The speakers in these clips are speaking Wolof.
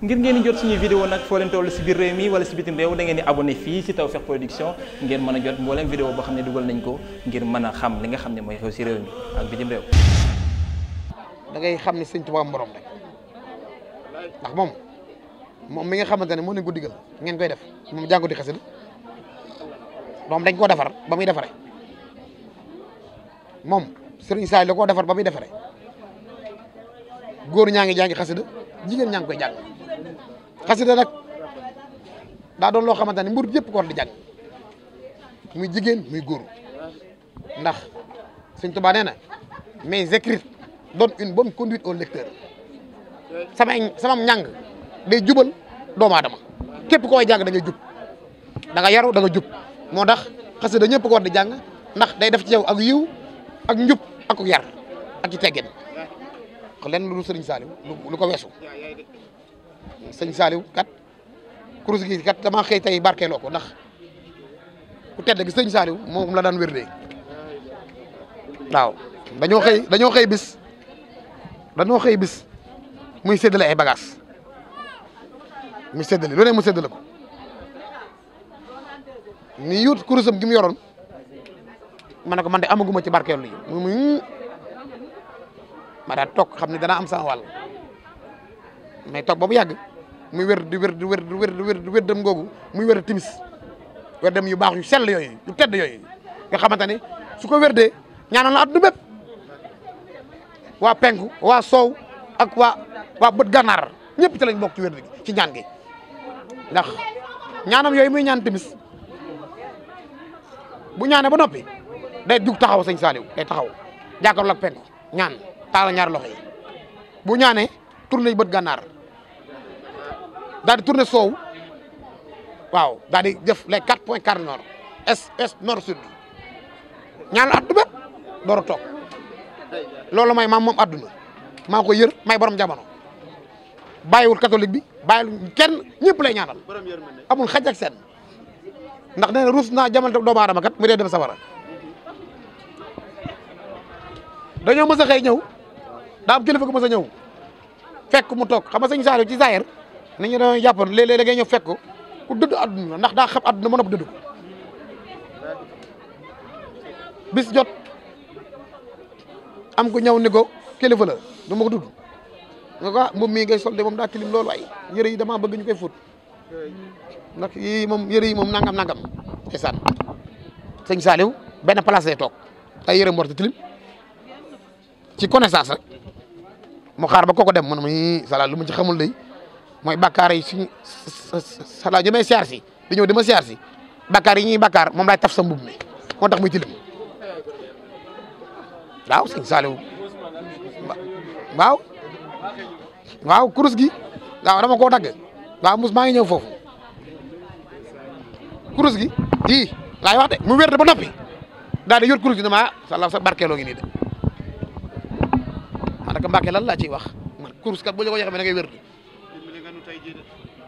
ngir ngeen di jot suñuy vidéo nag foo leen toll si biir réew mi wala si bitim réew da ngeen di abonné fii si Tawfekh Production ngeen mën a jot mbooleem vidéo boo xam ne dugal nañ ko ngir mën a xam li nga xam ne mooy xew si réew mi ak bitim réew da xam ne sëñ Tuubaa borom rek moom moom mi nga xamante ne moo ne ko digal ngeen koy def moom jàngu di xasida moom dañ koo defar ba muy defare moom Sëriñ Saay la koo defar ba muy defaree góor ñaa ngi jàngi xasida jigéen ñaa ngi koy jàng xasida nag daa doon loo xamante ne mbur yëpp ko di jàng muy jigéen muy góor ndax Sëñ Tuubaa nee na mes écrits donnent une bonne conduite au lecteur sama sama njàng day jubal doomu aadama képp koo jàng da ngay jub da yaru danga nga jub moo tax xasida ñëpp ko di jàng ndax day def ci yow ak yiw ak njub ak yar ak ci teggin len lu Sëriñ Saliou lu ko weesu sëñ Saliou kat kurus gi kat damaa xëy tey barkeeloo ko ndax ku tedd gi sëñ Saliou moom la daan wérdee waaw dañoo xëy dañoo xëy bis dañoo xëy bis muy séddale ay bagages muy séddale lu ne mu séddale ko ni yuut kurusam gi mu yoroon ma ne ko man de amaguma ci barkeelu yi muy hmm. ma daal toog xam ne danaa am sama wàll mais ba bu yàgg. muy wér di wér di wér di wér di wér di wér dem googu muy wér timis wér dem yu baax yu sell yooyu yu tedd yooyu nga xamante ni su ko wér dee ñaanal na àdduna bépp waa penku waa soow ak waa waa bët gànnaar ñëpp ci lañ bokk ci wér gi ci ñaan gi ndax ñaanam yooyu muy ñaan timis bu ñaanee ba noppi day dugg taxaw sëñ Saliou day taxaw jàkkaarloo ak penku ñaan taala ñaar loxo yi bu ñaanee tourné bët gànnaar daal di tourner soow waaw daal di def les quatre points cardinaux est est nord sud ñaanu at du bépp door a toog loolu may maam moom adduna maa koy yër may borom jamono bàyyiwul catholique bi bàyyiwul kenn ñëpp lay ñaanal amul xaj seen ndax nee na ruus naa jamono doomu aadama kat mu dee dem safara dañoo mës a xëy ñëw daa am kilifa ko mës a ñëw fekk mu toog xam nga sëñ Saliou ci Zaire. nit ñi dañoo jàpp léeg-léeg da ngay ñëw fekk ku dëdd adduna ndax daa xam adduna mën a dëdd bis jot am ku ñëw ni ko kilifa la du ma ko tudd nga ko ah moom mii ngay solde moom daa kilim loolu ay yëre yi damaa bëgg ñu koy fóot ndax moom yëre yi moom nangam nangam ndeysaan sëñ Saliou benn place lay toog ay yëre mborte tilim ci connaissance rek mu xaar ba kooku dem moo mu ne ma lu ma ci xamul day mooy bakkaar yi suñ sala jëmee siyaar si di ñëw dama siyaar si bakkaar yi ñuy bakkaar moom laay taf sa mbub mi moo tax muy tilim waaw sëñ Saliou waaw waaw kurus gi waaw dama koo dagg waaw mus maa ngi ñëw foofu kurus gi di laay wax de mu wer de ba noppi daal di yor kurus gi dama sala sa barkeeloo ngi nii de man nag Mbàkke lan laa ciy wax man kurus kat bu ñu ko joxee da ngay de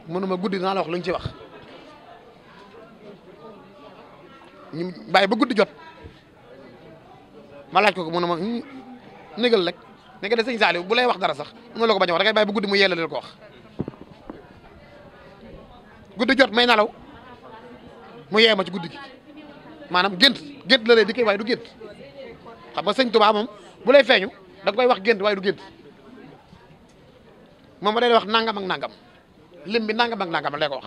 ma guddi naa la wax lu ñu ci wax ñu bàyyi ba guddi jot ma laaj ko ko mënuma hmm, négal rek ne nga de sëñ Saliou bu lay wax dara sax mënuloo la ko bañ a wax da ngay ba guddi mu yeelal ko wax guddi jot may nalaw mu yee ma ci guddi gi maanaam gént gént la di dikkee waaye du gént xam nga sëñ tubaa moom bu lay feeñu da koy wax gént waaye du gént moom ma day wax nangam ak nangam. lim bi nangam ak nangam lay ko wax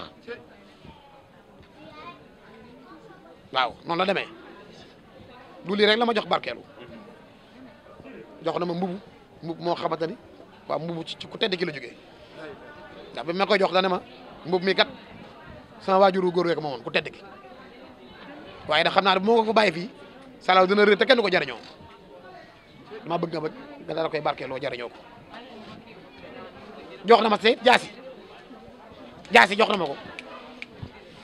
waaw noonu la deme du rek la ma jox barkeelu jox na ma mbubu mbub moo xamante ni waaw mbubu ci ku tedd la jóge ndax bi ma koy jox dana ma mbub mi kat sama waajuru góor rek moomoon ku xam naa ne bu ma ko fa bàyyi fii salaaw dina réer te kenn du ko jariñoo dama bëgg nga ba nga koy barkeeloo jariñoo ko jox na ma seet jaasi jaasi jox na ma ko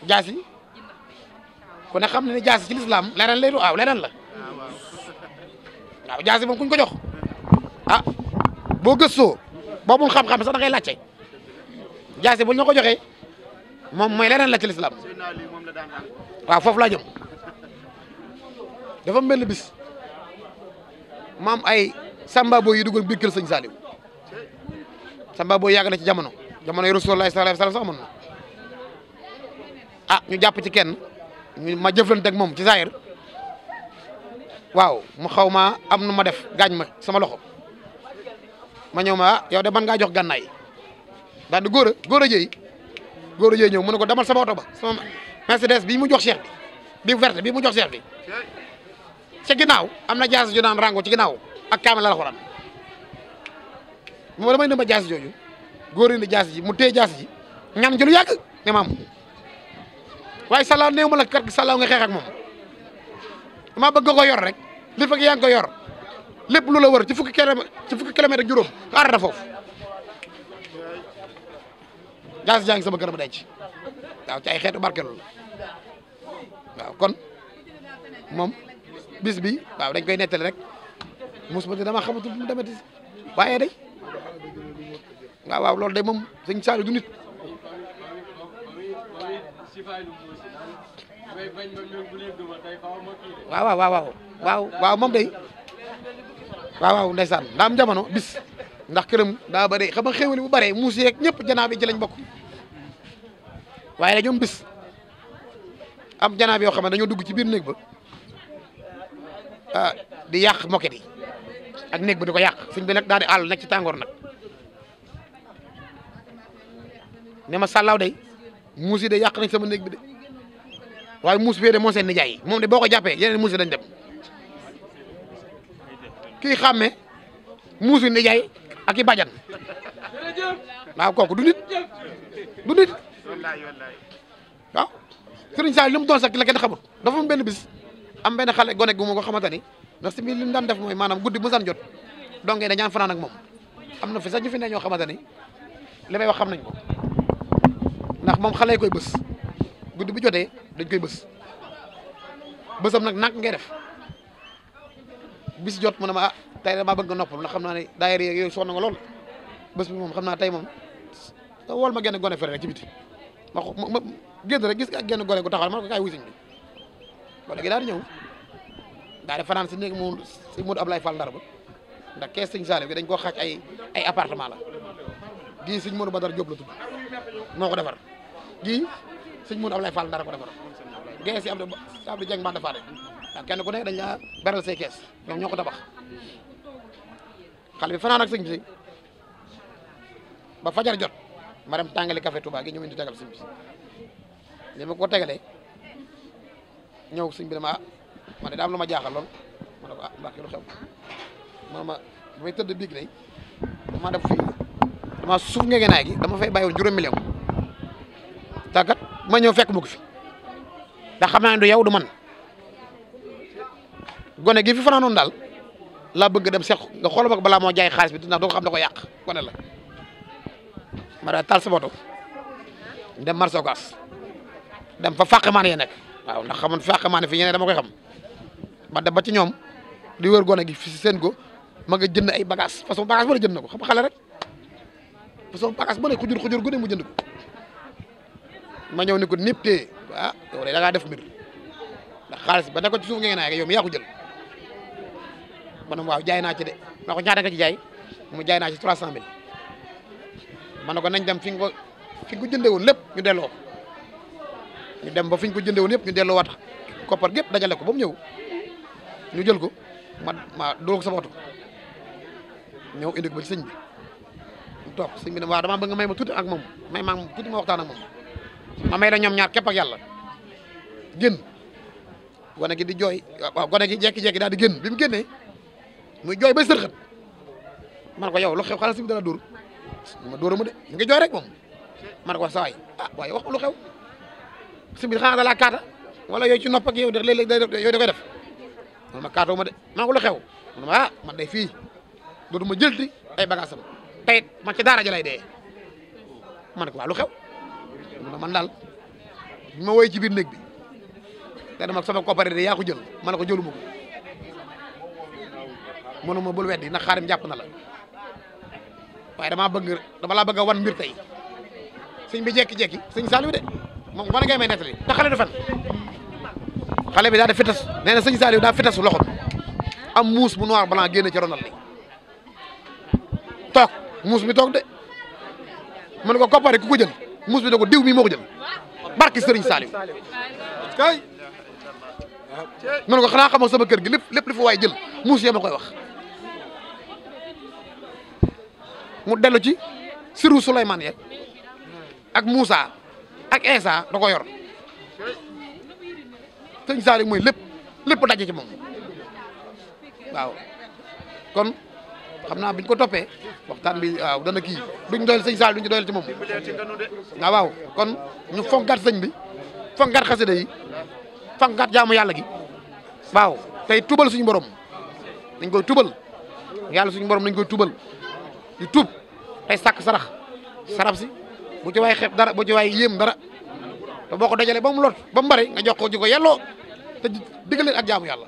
jaasi ku ne xam na ne jaasi ci lislaam leneen lay du waaw leneen la waaw jaasi moom kuñ ko jox ah boo gëstoo boobul xam-xam sax da ngay laajte jaasi buñ la ko joxee moom mooy leneen la ci lislaam waaw foofu laa jëm dafa mel ni bis maam ay samba booy yi duggoon biir kër sëñ Saliou samba booy yàgg na ci jamono. jamonoy Rasulullah sallallahu alayhi wasallam sax amoon na ah ñu jàpp ci kenn ñu ma jëflante moom ci saayir waaw mu xaw ma am nu ma def gaañ ma sama loxo ma ñëw ma ah, yow de man ngaa jox gannaay daal di góor góor a jëy góor a jëy ñëw mu ne ko demal sama oto ba sama Mercedes bii mu jox cheikh bi bi mu jox cheikh bi ci ginnaaw am na jaas ju naan rango ci ginnaaw ak kaamel alxuraan moom damay ne ma jaas jooju góor indi jaasi ji mu téye jaasi ji ñam ji lu yàgg ne maam waaye salaaw néew ma la kat salaaw nga xeex ak moom damaa bëgg nga ko yor rek li fekk yaa ngi ko yor lépp lu la wër ci fukki kilomètre ci fukki kilomètre juróom nga arrêté foofu jaasi jaa ngi sama kër ba denc waaw ci ay xeetu barkeelu la waaw kon moom bis bi waaw dañ koy nettali rek mos dama xamatul fu mu demati waaye day waaw waaw loolu de moom sëñ Saliou du nit waaw waaw waaw waaw moom day waaw waaw ndeysaan ndaam jamono bis ndax këram daa bëri xam nga xéwali bu bëree muus yeeg ñëpp janaa bi ci bokk waaye la ñoom bis am janaa bi yoo xam ne dañoo dugg ci biir néeg ba ah, di yàq moket yi ak néeg ba di ko yàq suñ bi nag daal di àll nekk ci tàngoor nag ne ma sàllaaw day muus yi de yàq nañ sama néeg bi de waaye muus fee de moo seen nijaay moom de boo ko jàppee yeneen muus yi dañ dem kii xàmme muusu nijaay ak i bajan waaw kooku du nit du nit waaw sëriñ Sall li mu doon sax la kenn xamul dafa am benn bis am benn xale gone gu ma ko xamante ni ndax si biir li daan def mooy maanaam guddi bu san jot dongee dañaan fanaan ak moom am na fi sax ñu fi ne ñoo xamante ni li may xam nañ ko moom xale koy bës guddi bu jotee dañ koy bës bësam nag nak ngay def bis jot mu ne ma ah tey damaa bëgg nga noppal ndax xam naa ne daayira yooyu sonn lool bës bi moom xam naa tey moom wol ma genn gone fere rek ci biti ma ma gis nga genn gone gu taxaw ma ne ko kaay wuy sëñ bi gone gi daal di ñëw daal di fanaan si néeg mu si Modou Ablaye Fall Ndar ba ndax kees sëñ Saliou gi dañ koo xaaj ay ay appartement siñ gii sëñ Modou Badar Diop la tudd moo ko defar gii sëñ Mourou Ablaye Fall dara ko defaroon gees yi am na Abdou Dieng Mbanda Fade waaw kenn ku nekk dañ laa beral say kees ñoom ñoo ko tabax xale bi fanaan ak sëñ bi ba fajar jot ma dem tàngali café Touba gi ñu indi tegal sëñ bi ma ko tegalee ñëw sëñ bi dama ma ah, ne daam lu ma jaaxal lool ma ne ko ah, xew ma ma tëdd biig def fii dama suuf ngege naay gi dama fay bàyyiwoon juróom million tàggat ma ñëw fekk mu fi ndax xam naa ne du yow du man gone gi fi noon daal laa bëgg dem seq nga xool ba balaa moo jaay xaalis bi ndax doo ko xam da ko yàq gone la ma daal taal sa boto dem marché Ocass dem fa fàqmaan yi nekk waaw ndax xamoon fàqmaan fi ñeneen dama koy xam ma dem ba ci ñoom di wër gone gi fi seen ko ma nga jënd ay bagage façon bagage bu ne jënd na ko xam xale rek façon bagage bu ne xujur xujur gu ne mu jënd ko ma ñëw ni ko nipp tee ah yow def mbir ndax xaalis ba ne ci suuf ngeen naay yow mi yaa ko jël ma ne waaw jaay naa ci de ma ko nga ci jaay mu jaay naa ci trois cent mille ma ne ko nañ dem fi nga ko fi jëndee woon lépp ñu delloo ñu dem ba fi ko jëndee lépp yëpp ñu delloo waat koppar gépp dajale ko ba mu ñëw ñu jël ko ma ma dóor ko sa bopp ñëw indi ko ba ci bi mu toog sëñ bi ne waaw damaa bëgg nga may ma tuuti ak moom may maa tuuti ma waxtaan ak moom. ma may la ñoom ñaar képp ak génn gone gi di jooy waaw gone gi jekki-jekki daal di génn bi mu génnee muy jooy bay sërxat man ko yow lu xew xanaa si bi dala dóor ma dóora mu de mu ngi jooy rek moom man ko wax sa waay ah waaye wax lu xew si bi xanaa dalaa kaata wala yooyu ci nopp ak yow de léeg day yooyu da koy def man ma kaatoo ma de man ko lu xew man ma ah dootuma jëlti ay bagaasam tey man ci daara ja lay dee man ko waa lu mun a man daal bi ma woy ci biir néeg bi te dama sama coopérative yaa ko jël ma ne ko jëluma ko mënuma bul weddi na xaarim jàpp na la waaye damaa bëgg dama laa bëgg a wan mbir tey sëñ bi jekki-jekki sëñ Saliou de moom mën ngay may nettali xale du fen xale bi daa def fitas nee na sëñ Saliou daa fitas loxo muus bu noir a génne ci ronal li toog muus mi toog de mën ko koppari ku ko muus bi ne ko diw mii moo ko jël barki Serigne Saliou kay mu ne ko xanaa sama kër gi lépp lépp li fa jël muus yee ma koy wax mu dellu ci siru Souleymane ya ak Moussa ak Insa da ko yor Serigne Saliou mooy lépp lépp daje ci moom kon xam naa bu ko toppee waxtaan bi waaw dana kii duñ doyal sëñ Sall duñ ci doyal ci moom waaw waaw kon ñu fonkaat sëñ bi fonkaat xasida yi fonkaat jaamu yàlla gi waaw tey tubal suñu borom dañ koy tubal yàlla suñu borom dañ koy tubal di tub tey sàkk sarax sarab si bu ci waay xeeb dara bu ci waay dara te boo ko dajalee ba mu lot ba mu bëri nga jox ko ji ko yelloo te diggaleen ak jaamu yàlla